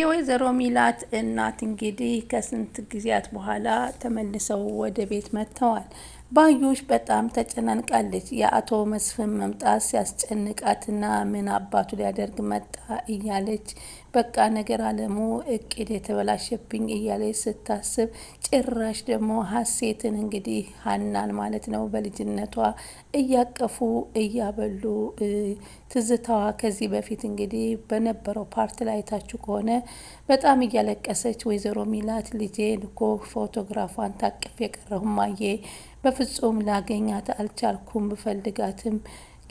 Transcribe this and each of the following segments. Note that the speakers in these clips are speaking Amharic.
የወይዘሮ ሚላት እናት እንግዲህ ከስንት ጊዜያት በኋላ ተመልሰው ወደ ቤት መጥተዋል። ባዩሽ በጣም ተጨናንቃለች። የአቶ መስፍን መምጣት ሲያስጨንቃትና ምን አባቱ ሊያደርግ መጣ እያለች በቃ ነገር አለሙ እቅድ የተበላሸብኝ እያለች ስታስብ፣ ጭራሽ ደግሞ ሀሴትን እንግዲህ ሀናን ማለት ነው በልጅነቷ እያቀፉ እያበሉ ትዝታዋ ከዚህ በፊት እንግዲህ በነበረው ፓርት ላይ ታችሁ ከሆነ በጣም እያለቀሰች ወይዘሮ ሚላት ልጄን እኮ ፎቶግራፏን ታቅፍ የቀረሁማዬ በፍጹም ላገኛት አልቻልኩም። ብፈልጋትም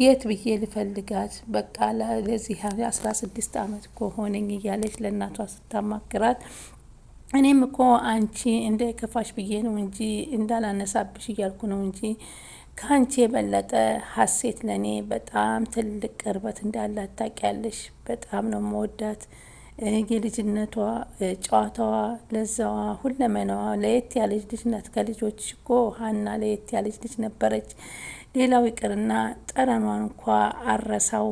የት ብዬ ልፈልጋት? በቃ ለዚህ አስራ ስድስት አመት እኮ ሆነኝ እያለች ለእናቷ ስታማክራት እኔም እኮ አንቺ እንደ ከፋሽ ብዬ ነው እንጂ እንዳላነሳብሽ እያልኩ ነው እንጂ ከአንቺ የበለጠ ሀሴት ለእኔ በጣም ትልቅ ቅርበት እንዳላት ታውቂያለሽ። በጣም ነው መወዳት የልጅነቷ ጨዋታዋ፣ ለዛዋ፣ ሁለመናዋ ለየት ያለች ልጅ ናት። ከልጆች እኮ ሀና ለየት ያለች ልጅ ነበረች። ሌላው ይቅርና ጠረኗን እንኳ አረሳው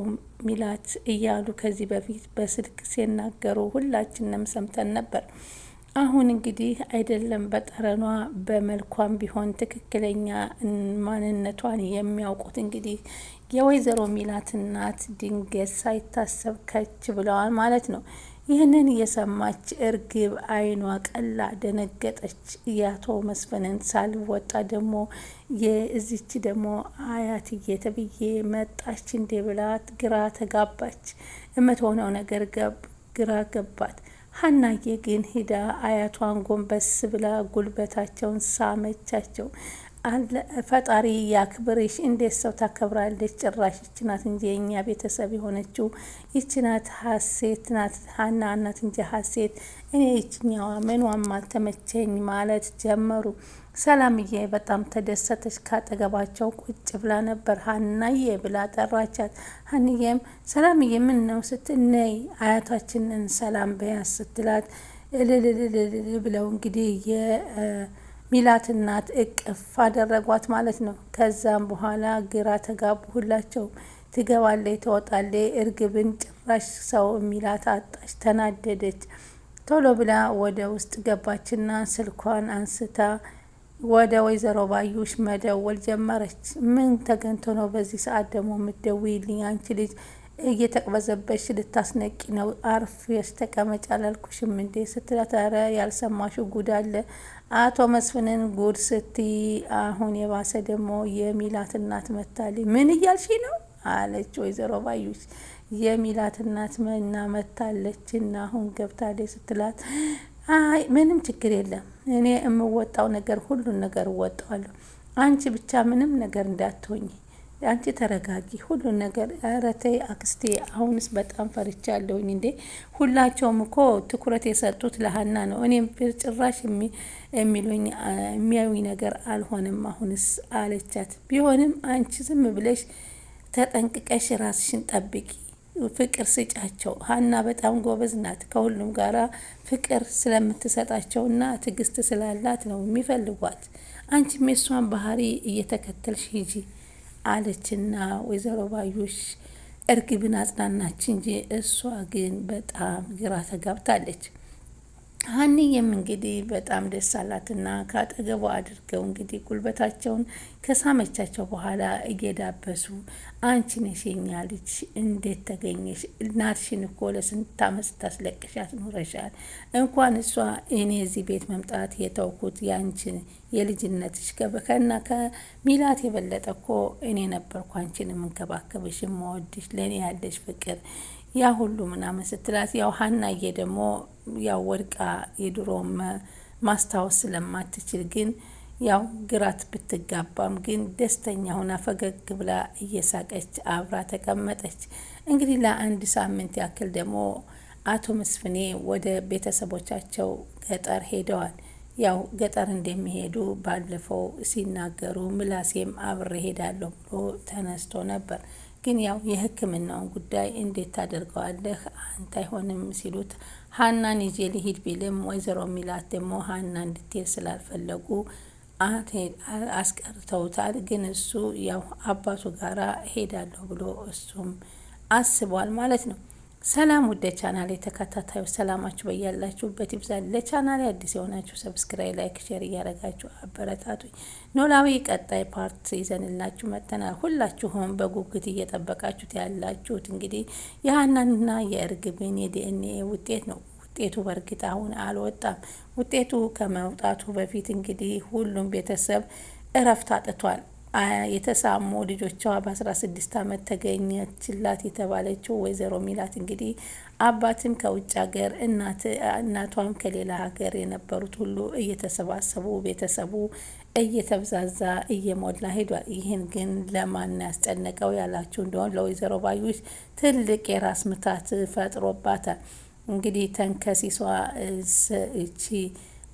ሚላት እያሉ ከዚህ በፊት በስልክ ሲናገሩ ሁላችንም ሰምተን ነበር። አሁን እንግዲህ አይደለም በጠረኗ በመልኳም ቢሆን ትክክለኛ ማንነቷን የሚያውቁት እንግዲህ የወይዘሮ ሚላት እናት ድንገት ሳይታሰብ ከች ብለዋል ማለት ነው። ይህንን የሰማች እርግብ አይኗ ቀላ፣ ደነገጠች። የአቶ መስፍንን ሳልወጣ ደግሞ የእዚች ደግሞ አያትዬ ተብዬ መጣች እንዴ ብላት ግራ ተጋባች። የምትሆነው ነገር ግራ ገባት። ሀናዬ ግን ሂዳ አያቷን ጎንበስ ብላ ጉልበታቸውን ሳመቻቸው። ፈጣሪ ያክብርሽ። እንዴት ሰው ታከብራለች? ጭራሽ ይችናት እንጂ የእኛ ቤተሰብ የሆነችው ይችናት ሀሴት ናት። ሀና ናት እንጂ ሀሴት እኔ ይችኛዋ ምኗም አልተመቸኝ ማለት ጀመሩ። ሰላምዬ በጣም ተደሰተች። ካጠገባቸው ቁጭ ብላ ነበር። ሀናዬ ብላ ጠራቻት። ሀንዬም ሰላምዬ ምን ነው ስትል ነይ አያታችንን ሰላም በያዝ ስትላት እልልልልል ብለው እንግዲህ ሚላት እናት እቅፍ አደረጓት ማለት ነው። ከዛም በኋላ ግራ ተጋቡ ሁላቸው። ትገባለች፣ ትወጣለች። እርግብን ጭራሽ ሰው ሚላት አጣች፣ ተናደደች። ቶሎ ብላ ወደ ውስጥ ገባችና ስልኳን አንስታ ወደ ወይዘሮ ባዩሽ መደወል ጀመረች። ምን ተገንቶ ነው በዚህ ሰዓት ደግሞ የምትደውይልኝ አንቺ ልጅ እየተቅበዘበሽ ልታስነቂ ነው፣ አርፍ ተቀመጭ አላልኩሽም እንዴ? ስትላት ኧረ ያልሰማሽው ጉድ አለ አቶ መስፍንን ጉድ ስትይ፣ አሁን የባሰ ደግሞ የሚላት እናት መታለች። ምን እያልሽ ነው አለች ወይዘሮ ባዩሽ። የሚላት እናት መና መታለች እና አሁን ገብታለች ስትላት አይ ምንም ችግር የለም እኔ የምወጣው ነገር ሁሉን ነገር እወጣዋለሁ። አንቺ ብቻ ምንም ነገር እንዳትሆኝ አንቺ ተረጋጊ፣ ሁሉን ነገር ኧረ ተይ አክስቴ፣ አሁንስ በጣም ፈርቻለሁኝ። እንዴ ሁላቸውም እኮ ትኩረት የሰጡት ለሀና ነው። እኔም ጭራሽ የሚሉኝ የሚያዩኝ ነገር አልሆነም አሁንስ አለቻት። ቢሆንም አንቺ ዝም ብለሽ ተጠንቅቀሽ ራስሽን ጠብቂ፣ ፍቅር ስጫቸው። ሀና በጣም ጎበዝ ናት። ከሁሉም ጋራ ፍቅር ስለምትሰጣቸው እና ስላላት ነው የሚፈልጓት። አንቺም የሷን ባህሪ እየተከተልሽ ሂጂ አለችና ወይዘሮ ባዩሽ እርግብን አጽናናች እንጂ እሷ ግን በጣም ግራ ተጋብታለች። ሀኒዬም እንግዲህ በጣም ደስ አላትና ከአጠገቧ አድርገው እንግዲህ ጉልበታቸውን ከሳመቻቸው በኋላ እየዳበሱ አንቺ ነሽ የኛ ልጅ እንዴት ተገኘሽ? እናትሽን እኮ ለስንት ዓመት ስታስለቅሽ አስኖረሻል። እንኳን እሷ እኔ እዚህ ቤት መምጣት የተውኩት ያንቺን የልጅነትሽ ከና ከሚላት የበለጠ እኮ እኔ ነበርኩ አንቺን የምንከባከብሽ የምወድሽ ለእኔ ያለሽ ፍቅር ያ ሁሉ ምናምን ስትላት ያው ሀናዬ ደግሞ ያው ወድቃ የድሮ ማስታወስ ስለማትችል ግን ያው ግራት ብትጋባም ግን ደስተኛ ሆና ፈገግ ብላ እየሳቀች አብራ ተቀመጠች። እንግዲህ ለአንድ ሳምንት ያክል ደግሞ አቶ መስፍኔ ወደ ቤተሰቦቻቸው ገጠር ሄደዋል። ያው ገጠር እንደሚሄዱ ባለፈው ሲናገሩ ምላሴም አብሬ ሄዳለሁ ብሎ ተነስቶ ነበር። ግን ያው የህክምናውን ጉዳይ እንዴት ታደርገዋለህ አንተ አይሆንም ሲሉት ሀናን ይዤ ልሂድ ቢልም ወይዘሮ ሚላት ደግሞ ሀና እንድትሄድ ስላልፈለጉ አስቀርተውታል። ግን እሱ ያው አባቱ ጋራ ሄዳለሁ ብሎ እሱም አስቧል ማለት ነው። ሰላም ወደ ቻናል የተከታታዩ ሰላማችሁ በያላችሁበት ይብዛል። ለቻናል አዲስ የሆናችሁ ሰብስክራይብ፣ ላይክ፣ ሼር እያደረጋችሁ አበረታቱኝ። ኖላዊ ቀጣይ ፓርት ይዘንላችሁ መጥተናል። ሁላችሁም በጉጉት እየጠበቃችሁት ያላችሁት እንግዲህ የሀናንና የእርግብን የዲኤንኤ ውጤት ነው። ውጤቱ በእርግጥ አሁን አልወጣም። ውጤቱ ከመውጣቱ በፊት እንግዲህ ሁሉም ቤተሰብ እረፍት አጥቷል። የተሳሙ ልጆቿ በ16 ዓመት ተገኘችላት የተባለችው ወይዘሮ ሚላት እንግዲህ አባትም ከውጭ ሀገር እናቷም ከሌላ ሀገር የነበሩት ሁሉ እየተሰባሰቡ ቤተሰቡ እየተብዛዛ እየሞላ ሄዷል። ይህን ግን ለማን ያስጨነቀው ያላችሁ እንደሆን ለወይዘሮ ባዩሽ ትልቅ የራስ ምታት ፈጥሮባታል። እንግዲህ ተንከሲሷ እቺ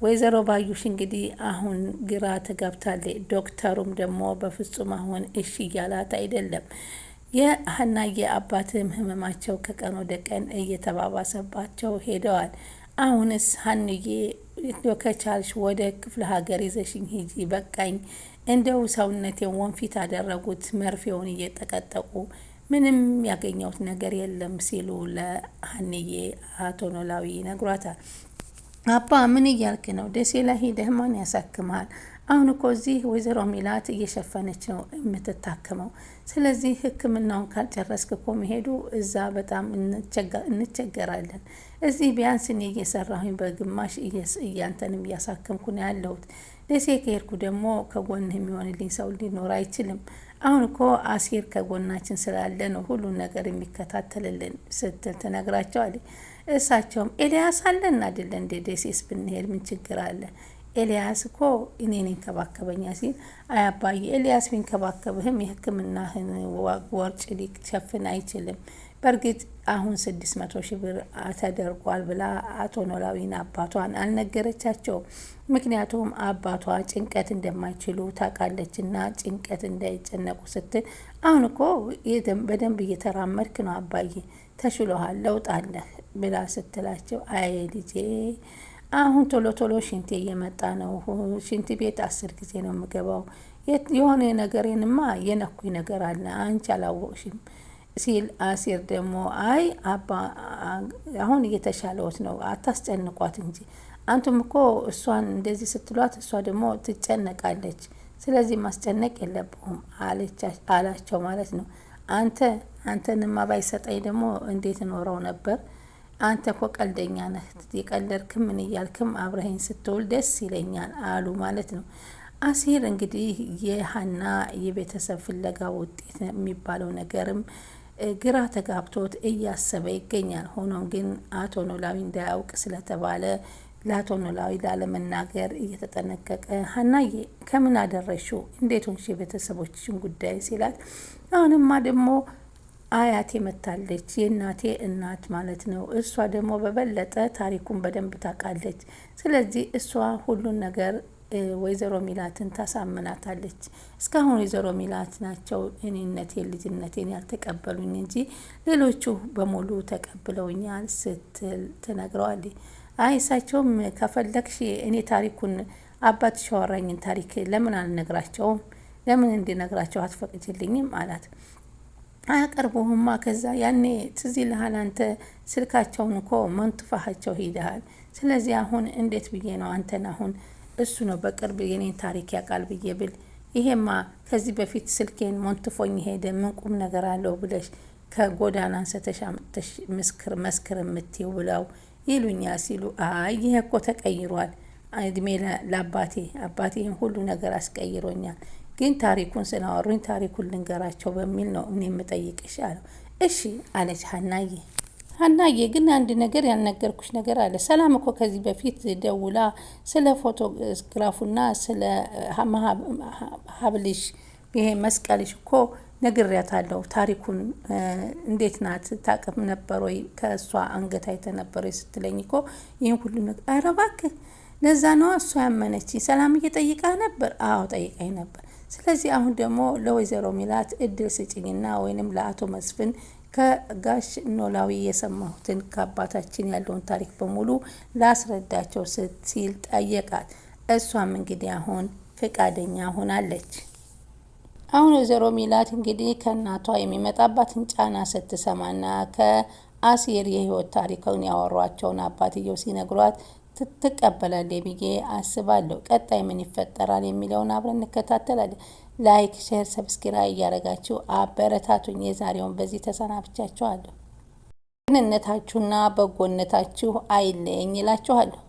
ወይዘሮ ባዩሽ እንግዲህ አሁን ግራ ተጋብታለች። ዶክተሩም ደግሞ በፍጹም አሁን እሺ እያላት አይደለም። የሀናዬ አባትም ህመማቸው ከቀን ወደ ቀን እየተባባሰባቸው ሄደዋል። አሁንስ ሀንዬ ከቻልሽ ወደ ክፍለ ሀገር ይዘሽኝ ሂጂ፣ በቃኝ፣ እንደው ሰውነቴን ወንፊት አደረጉት፣ መርፌውን እየጠቀጠቁ ምንም ያገኘሁት ነገር የለም ሲሉ ለሀንዬ አቶ ኖላዊ ይነግሯታል። አባ ምን እያልክ ነው? ደሴ ላይ ሂደህ ማን ያሳክመሃል? አሁን እኮ እዚህ ወይዘሮ ሚላት እየሸፈነች ነው የምትታክመው። ስለዚህ ሕክምናውን ካልጨረስክ እኮ መሄዱ እዛ በጣም እንቸገራለን። እዚህ ቢያንስ እኔ እየሰራሁኝ በግማሽ እያንተንም እያሳከምኩ ነው ያለሁት። ደሴ ከሄድኩ ደግሞ ከጎንህ የሚሆንልኝ ሰው ሊኖር አይችልም። አሁን እኮ አሴር ከጎናችን ስላለ ነው ሁሉን ነገር የሚከታተልልን ስትል ትነግራቸዋለች። እሳቸውም ኤልያስ አለን አይደለ እንደ ደሴስ ብንሄድ ምን ችግር አለ? ኤልያስ እኮ እኔን ይንከባከበኛል ሲል አያባዬ ኤልያስ ቢንከባከብህም የሕክምናህን ወርጭ ሊሸፍን አይችልም። በእርግጥ አሁን ስድስት መቶ ሺህ ብር ተደርጓል ብላ አቶ ኖላዊን አባቷን አልነገረቻቸውም። ምክንያቱም አባቷ ጭንቀት እንደማይችሉ ታውቃለችና ጭንቀት እንዳይጨነቁ ስትል አሁን እኮ በደንብ እየተራመድክ ነው አባዬ፣ ተሽሎሃል፣ ለውጥ አለ ብላ ስትላቸው አይ ልጄ አሁን ቶሎ ቶሎ ሽንት እየመጣ ነው። ሽንት ቤት አስር ጊዜ ነው የምገባው። የሆነ ነገሬንማ የነኩኝ ነገር አለ፣ አንቺ አላወቅሽም ሲል አሲር ደግሞ አይ አባ አሁን እየተሻለዎት ነው፣ አታስጨንቋት እንጂ አንቱም እኮ እሷን እንደዚህ ስትሏት እሷ ደግሞ ትጨነቃለች። ስለዚህ ማስጨነቅ የለብሁም አላቸው ማለት ነው። አንተ አንተንማ ባይሰጠኝ ደግሞ እንዴት ኖረው ነበር አንተ ኮ ቀልደኛ ነህ፣ የቀለድክም ምን እያልክም አብረኸኝ ስትውል ደስ ይለኛል አሉ ማለት ነው። አሲር እንግዲህ የሀና የቤተሰብ ፍለጋ ውጤት የሚባለው ነገርም ግራ ተጋብቶት እያሰበ ይገኛል። ሆኖም ግን አቶ ኖላዊ እንዳያውቅ ስለተባለ ለአቶ ኖላዊ ላለመናገር እየተጠነቀቀ ሀናዬ ከምን አደረሹ እንዴት ሆንሽ የቤተሰቦችን ጉዳይ ሲላት አሁንማ ደግሞ አያቴ መታለች የእናቴ እናት ማለት ነው። እሷ ደግሞ በበለጠ ታሪኩን በደንብ ታውቃለች። ስለዚህ እሷ ሁሉን ነገር ወይዘሮ ሚላትን ታሳምናታለች። እስካሁን ወይዘሮ ሚላት ናቸው እኔነቴን ልጅነቴን ያልተቀበሉኝ እንጂ ሌሎቹ በሙሉ ተቀብለውኛል ስትል ትነግረዋለች። አይ እሳቸውም ከፈለግሽ እኔ ታሪኩን አባት ሸወራኝን ታሪክ ለምን አልነግራቸውም? ለምን እንዲነግራቸው አትፈቅጅልኝም? አላት አያቀርቡህማ። ከዛ ያኔ ትዝ ይልሃል አንተ ስልካቸውን እኮ መንቱፋሃቸው ሂደሃል። ስለዚህ አሁን እንዴት ብዬ ነው አንተን አሁን እሱ ነው በቅርብ የኔን ታሪክ ያውቃል ብዬ ብል ይሄማ ከዚህ በፊት ስልኬን ሞንትፎኝ ሄደ ምን ቁም ነገር አለው ብለሽ ከጎዳና አንስተሽ አምጥተሽ ምስክር መስክር የምትይው ብለው ይሉኛ ሲሉ አይ ይሄ እኮ ተቀይሯል፣ እድሜ ለአባቴ አባቴ ሁሉ ነገር አስቀይሮኛል ግን ታሪኩን ስላወሩኝ ታሪኩን ልንገራቸው በሚል ነው እኔ የምጠይቅሽ አለው። እሺ አለች ሀናዬ። ሀናዬ ግን አንድ ነገር ያልነገርኩሽ ነገር አለ። ሰላም እኮ ከዚህ በፊት ደውላ ስለ ፎቶግራፉና ስለ ሀብልሽ ይሄ መስቀልሽ እኮ ነግሬያታለሁ። ታሪኩን እንዴት ናት ታቅም ነበር ወይ ከእሷ አንገት አይተ ነበር ስትለኝ እኮ ይህን ሁሉ ነገር ኧረ እባክህ ለዛ ነዋ እሷ ያመነችኝ። ሰላም እየጠይቃ ነበር? አዎ ጠይቃኝ ነበር። ስለዚህ አሁን ደግሞ ለወይዘሮ ሚላት እድል ስጭኝና ወይንም ለአቶ መስፍን ከጋሽ ኖላዊ የሰማሁትን ከአባታችን ያለውን ታሪክ በሙሉ ላስረዳቸው ስትል ጠየቃት። እሷም እንግዲህ አሁን ፈቃደኛ ሆናለች። አሁን ወይዘሮ ሚላት እንግዲህ ከእናቷ የሚመጣባትን ጫና ስትሰማና ከአሴር የህይወት ታሪክን ያወሯቸውን አባትየው ሲነግሯት ትቀበላለች ብዬ አስባለሁ። ቀጣይ ምን ይፈጠራል የሚለውን አብረን እንከታተላለን። ላይክ፣ ሼር፣ ሰብስክራይብ እያደረጋችሁ አበረታቱኝ። የዛሬውን በዚህ ተሰናብቻችኋለሁ። ቅንነታችሁና በጎነታችሁ አይለየኝ ይላችኋለሁ።